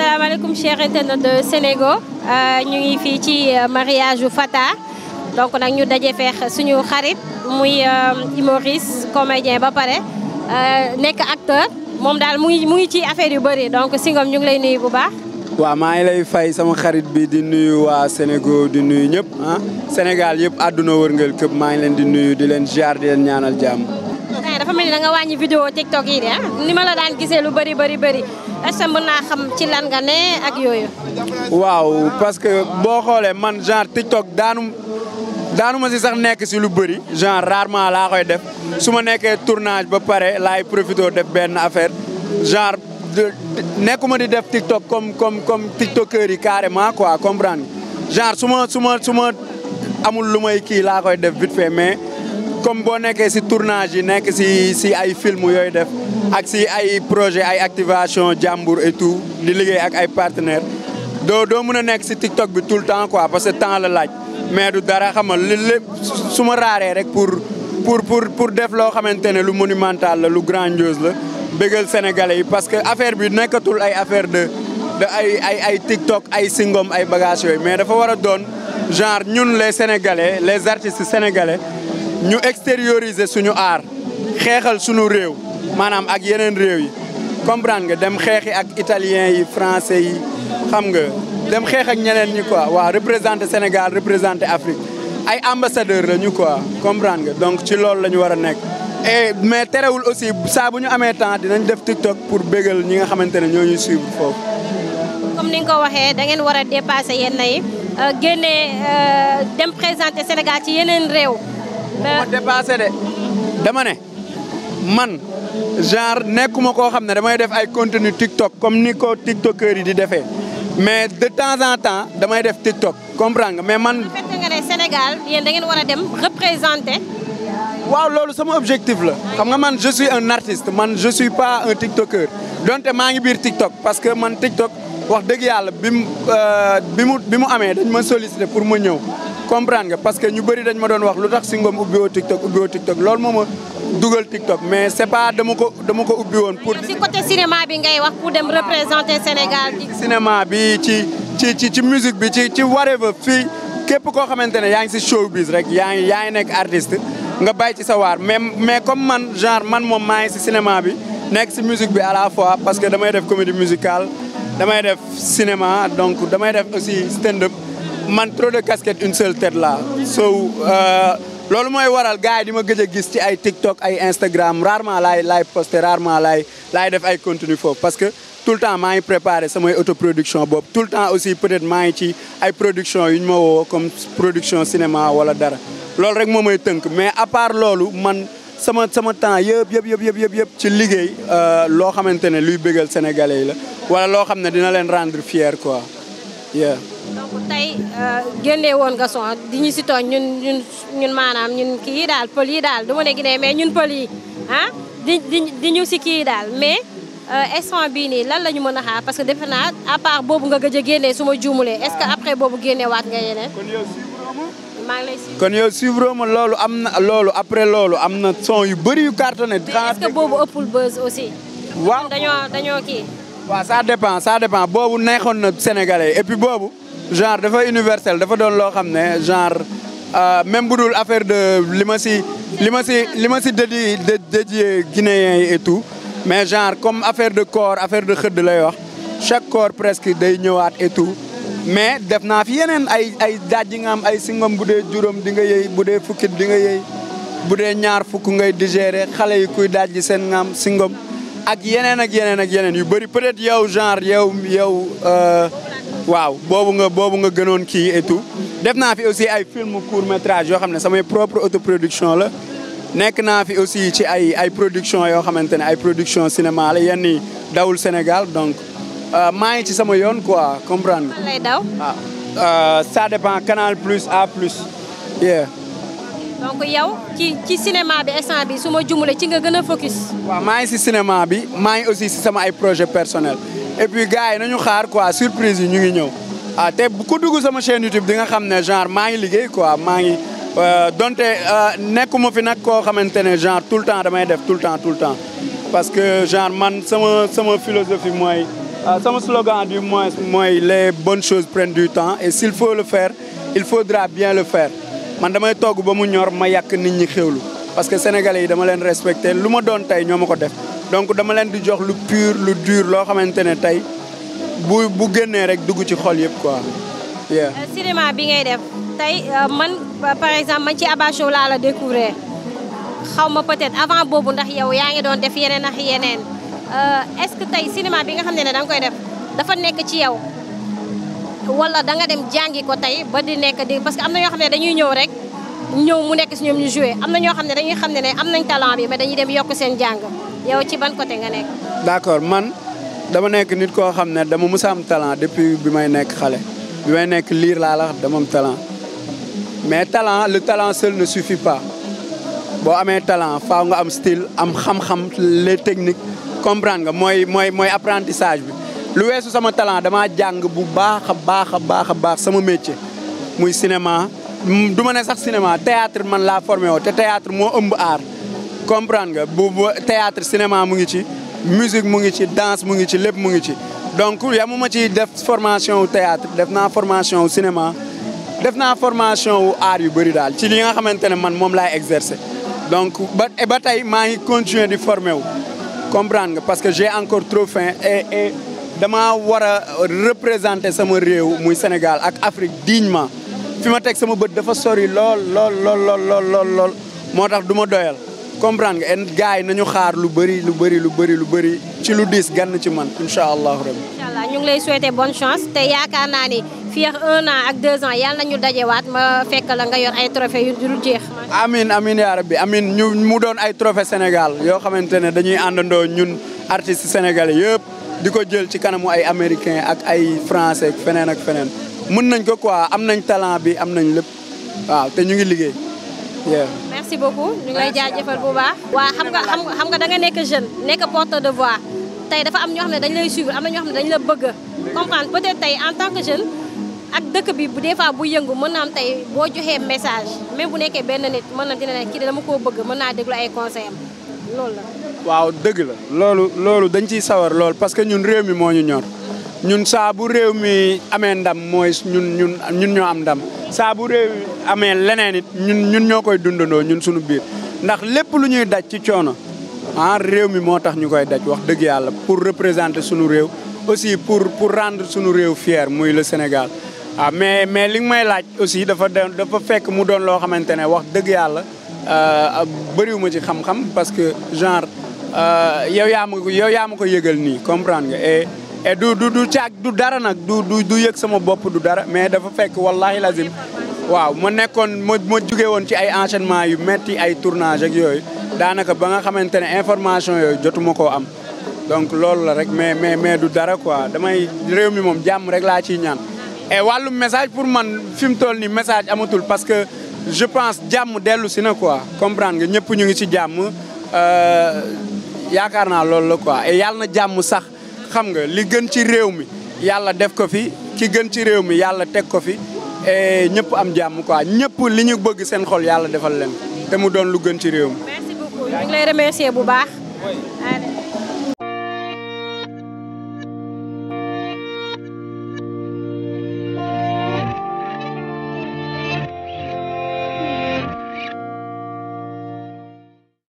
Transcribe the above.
asalaamaaleykum chers internautes de Sénégal euh, ñu ngi fii ci euh, mariage yu Fata donc nag ñu daje feex suñu xarit muy euh, humoriste comédien ba pare nekk acteur moom daal mu ngi mu ngi ci affaire yu bëri donc Singom ñu ngi lay nuyu bu baax. waaw maa ngi lay fay sama xarit bi di nuyu waa Sénégal di nuyu ñëpp ah Sénégal yëpp àdduna wërngal këpp maa ngi leen di nuyu di leen ziar ñaanal jàmm. dafa mel ni da nga wàññi vidéo TikTok yi de ah ni ma la daan gisee lu bëri bëri bëri a ce naa xam ci lan nga ne ak yooyu. waaw parce que boo xoolee man genre TikTok daanu daanu ma si sax nekk si lu bëri genre rarement laa koy def su ma nekkee tournage ba pare laay profité def benn affaire genre nekkuma di def TikTok comme comme comme TikTokers yi carrément quoi comprendre genre su ma su ma su ma amul lu may kii laa koy def vite fait mais. comme boo nekkee si tournage yi nekk si si ay film yooyu def ak si ay projet ay activation jàmbur et tout di liggéey ak ay partenaires doo doo mën a nekk si TikTok bi tout le temps quoi parce que temps la laaj mais du dara xam nga li lépp su ma raaree rek pour pour pour pour def loo xamante ne lu monumental la lu grandiose la bégal sénégalais yi parce que affaire bi nekkatul ay affaire de ay ay ay TikTok ay singom ay bagages yooyu mais dafa war a doon genre ñun les sénégalais les artistes sénégalais. ñu extérioriser suñu aar xeexal suñu réew maanaam ak yeneen réew yi comprendre nga dem xeexi ak italiens yi français yi xam nga dem xeex ak ñeneen ñi quoi waa représenter Sénégal représenter Afrique ay ambassadeur la ñu quoi comprendre nga donc ci loolu la ñu war a nekk. et mais terewul aussi saa bu ñu amee temps dinañ def TikTok pour bégal ñi nga xamante ne ñoo ñu suivre foofu. comme ni nga ko waxee da ngeen a yi euh, génne euh, dem présenter Sénégal ci yeneen réew. mais dépassé de dama ne man genre nekkuma koo xam ne damay def ay contenu TikTok comme ni ko tiktokeur yi di defee mais de temps en temps damay def TikTok comprendre nga mais man. fekk nga ne Sénégal yéen da ngeen dem représenter. waaw loolu sama objectif la xam nga man je suis un artiste man je suis pas un tiktoker donte maa ngi biir tiktok parce que man tiktok wax dëgg yàlla bi mu euh, bi mu bi mu amee dañ ma sollicité pour ma ñëw comprendre nga parce que ñu bëri dañ ma doon wax lu tax si ngoom ubbi woo TikTok ubbi woo TikTok loolu moo ma dugal TikTok mais c'est pas dama ko dama ko ubbi woon. pour si côté cinéma bi ngay wax pour dem représenter Sénégal. cinéma bi ci ci ci ci musique bi ci ci whatever fii képp koo xamante ne yaa ngi si showbiz rek yaa ngi yaa ngi nekk artiste nga bàyyi ci sa waar mais mais comme man genre man moom maa si cinéma bi nekk si musique bi à la fois parce que damay def comédie musicale damay def cinéma donc damay def aussi stand man trop de casquette une seule tête là so euh, loolu mooy waral gars yi di ma gëj a gis ci ay TikTok ay Instagram rarement laay laay posté rarement laay laay def ay contenu foofu parce que tout le temps maa ngi préparé samay autoproduction boobu tout le temps aussi peut-être maa ngi ci ay production yu ñu ma woo comme production cinéma wala dara loolu rek moo may tënk mais à part loolu man sama sama temps yëpp yëpp yëpp yëpp yëpp ci liggéey euh, loo xamante ne luy bégal sénégalais yi la wala loo xam ne dina leen rendre quoi yeah. tey euh, génne woon nga son di ñu si tooñ ñun ñun ñun maanaam ñun kii daal pël yi daal du ma ne Guinée mais ñun pël yi ah di di ñu si kii daal mais euh, instant bii nii lan la ñu mën a xaar parce que defe naa à part boobu nga gëj a génne suma ma juumulee est que après boobu génne waat nga yeneen. kon yow suivre ma loolu am na loolu après loolu am na son yu bëri yu cartonné. mais est boobu ëppul buzz aussi. dañoo kii. waa ça dépend ça dépend boobu neexoon na sénégalais et boobu genre dafa universel dafa doon loo xam ne genre euh, même bu dul affaire de li ma si li ma si li ma si dédi dédié guinéens yi et mais genre comme affaire de corps affaire de xëdd lay wax chaque corps presque day ñëwaat et mais def naa fi yeneen ay ay daaj nga am ay singom bu dee juróom di nga yëy bu dee fukki di nga yëy bu dee ñaar fukk ngay digérer xale yi kuy daaj ji seen ngam singom ak yeneen ak yeneen ak yeneen yu bëri peut-être yow genre yow yow euh, waaw boobu nga boobu nga gënoon kii et tout def naa fi aussi ay film court métrage yoo xam ne samay propre production la nekk naa fi aussi ci ay ay production yoo xamante ne ay production cinéma la yenn yi dawul Sénégal donc euh, maa ngi ci sama yoon quoi comprendre nga. lay daw waaw ah, euh, ça Canal Plus A Plus yeah donc yow ci ci cinéma bi instant bi su ma jumulee ci nga gën a focus. maa ngi si cinéma bi maa ngi aussi si sama ay projet personnel et puis yi nañu xaar quoi surprise yi ñu ngi ñëw ah te ku dugg sama chaîne YouTube di nga xam ne genre maa ngi liggéey quoi maa ngi euh, donte euh, nekkuma fi nag koo xamante ne genre tout le temps damay def tout le temps tout le parce que genre man sama sama philosophie mooy euh, sama slogan du moins mooy les bonnes choses prennent du temps et s'il faut le faire il faudra bien le faire. man damay toog ba mu ñor ma yàq nit ñi xéwlu parce que sénégalais yi dama leen respecté lu ma doon tey ñoo ma ko def donc dama leen di jox lu pur lu dur loo xamante ne tey bu bu génnee rek dugg ci xool yëpp ko yeah. Euh, bi ngay def tey euh, man euh, par exemple man ci Abba Show laa la découvrir xaw ma peut avant boobu ndax yow yaa ngi doon def yeneen ak yeneen est-ce que bi nga xam ne ne danga koy def dafa nekk ci yow. wala da nga dem jàngi ko tey ba di nekk di parce que am na ñoo xam ne dañuy ñëw rek ñëw mu nekk si ñoom ñu joué am na ñoo xam ne dañuy xam ne ne am na talent bi mais dañuy dem yokk seen jàng ci ban côté nga nekk. d'accord man dama nekk nit koo xam ne dama mës a am talent depuis bi may nekk xale bi may nekk liir laa la dama talent mais talent le talent seul ne suffit pas boo amee talent faaw nga am style am xam-xam les technique comprendre nga mooy mooy mooy apprentissage bi. lu weesu sama talent damaa jàng bu baax a baax a baax a baax sama métier muy cinéma mm, du ma ne sax cinéma teatre man laa formé woo te théâtre moo ëmb art comprendre nga bu théâtre cinéma mu ngi ci musique mu ngi ci danse mu ngi ci lépp mu ngi ci donc yamu ma ci def formation wu théâtre def naa formation wu cinéma def naa formation wu art yu bëri daal ci li nga xamante ne man moom laay exercer donc ba ba tey maa ngi continuer di former wu comprendre nga parce que j'ai encore trop faim et dama war a représenter sama réew muy Sénégal ak Afrique dignement fi ma teg sama bët dafa sori lool lool lool lool lool moo tax du ma doyal comprendre en gars yi nañu xaar lu bëri lu bëri lu bëri lu bëri ci lu diis gann ci man incha allahu rabbi incha allah ñu chance ak un an ak yàlla nañu dajewaat la nga yor ay trophée yu dul jeex. amin amin ñu mu doon ay trophée Sénégal yoo xamante ne dañuy àndandoo ñun artistes sénégal yëpp. di ko jël ci kanamu ay américain ak ay français feneen ak feneen mën nañ ko quoi am nañ talent bi am nañ lépp waaw te ñu ngi liggéey. merci beaucoup ñu ngi lay jaajëfal bu baax. waa xam nga xam nga da nga nekk jeune nekk porteur de voix tey dafa am ñoo xam ne dañ lay suivre am na ñoo xam ne dañ la bëgg comprendre peut tey en tant que jeune. ak dëkk bi bu dee fois bu yëngu mën naa tey boo joxee message même bu nekkee benn nit mën na dina ne kii dama koo bëgg mën naa déglu ay waaw dëgg la loolu loolu dañ ciy sawar lool parce que ñun réew mi moo ñu ñor ñun saabu réew mi amee ndam mooy ñun ñun ñun ñoo am ndam saabu bu réew amee leneen it ñun ñun ñoo koy dundandoo ñun suñu biir ndax lépp lu ñuy daj ci coono ah réew mi moo tax ñu koy daj wax dëgg yàlla pour représenter suñu réew aussi pour pour rendre suñu réew fier muy le Sénégal ah mais mais li nga may laaj aussi dafa dafa fekk mu doon loo xamante ne wax dëgg yàlla euh, bëriwuma ci xam-xam parce que genre Euh, yow yaa ma yow yaa ma ko yëgal nii comprendre nga du du du caag du dara nag du du du yëg sama bopp du dara mais dafa fekk wallahi lazim waaw moo nekkoon ma ma jugee woon ci ay enchaînement yu metti ay tournage ak yooyu daanaka ba nga xamante ne information yooyu jotuma koo am donc loolu la rek mais mais mais du dara quoi damay réew mi moom jàmm rek laa ciy ñaan et wàllum message pour man fi mu toll nii message amatul parce que je pense jàmm dellu si na quoi comprendre nga ñëpp ñu ngi ci jàmm euh, yaakaar naa loolu la quoi et yàlla na jàmm sax xam nga li gën ci réew mi yàlla def ko fi ki gën ci réew mi yàlla teg ko fi e ñëpp am jàmm quoi ñëpp li ñu bëgg seen xol yàlla defal leen te mu doon lu gën ci réew mi.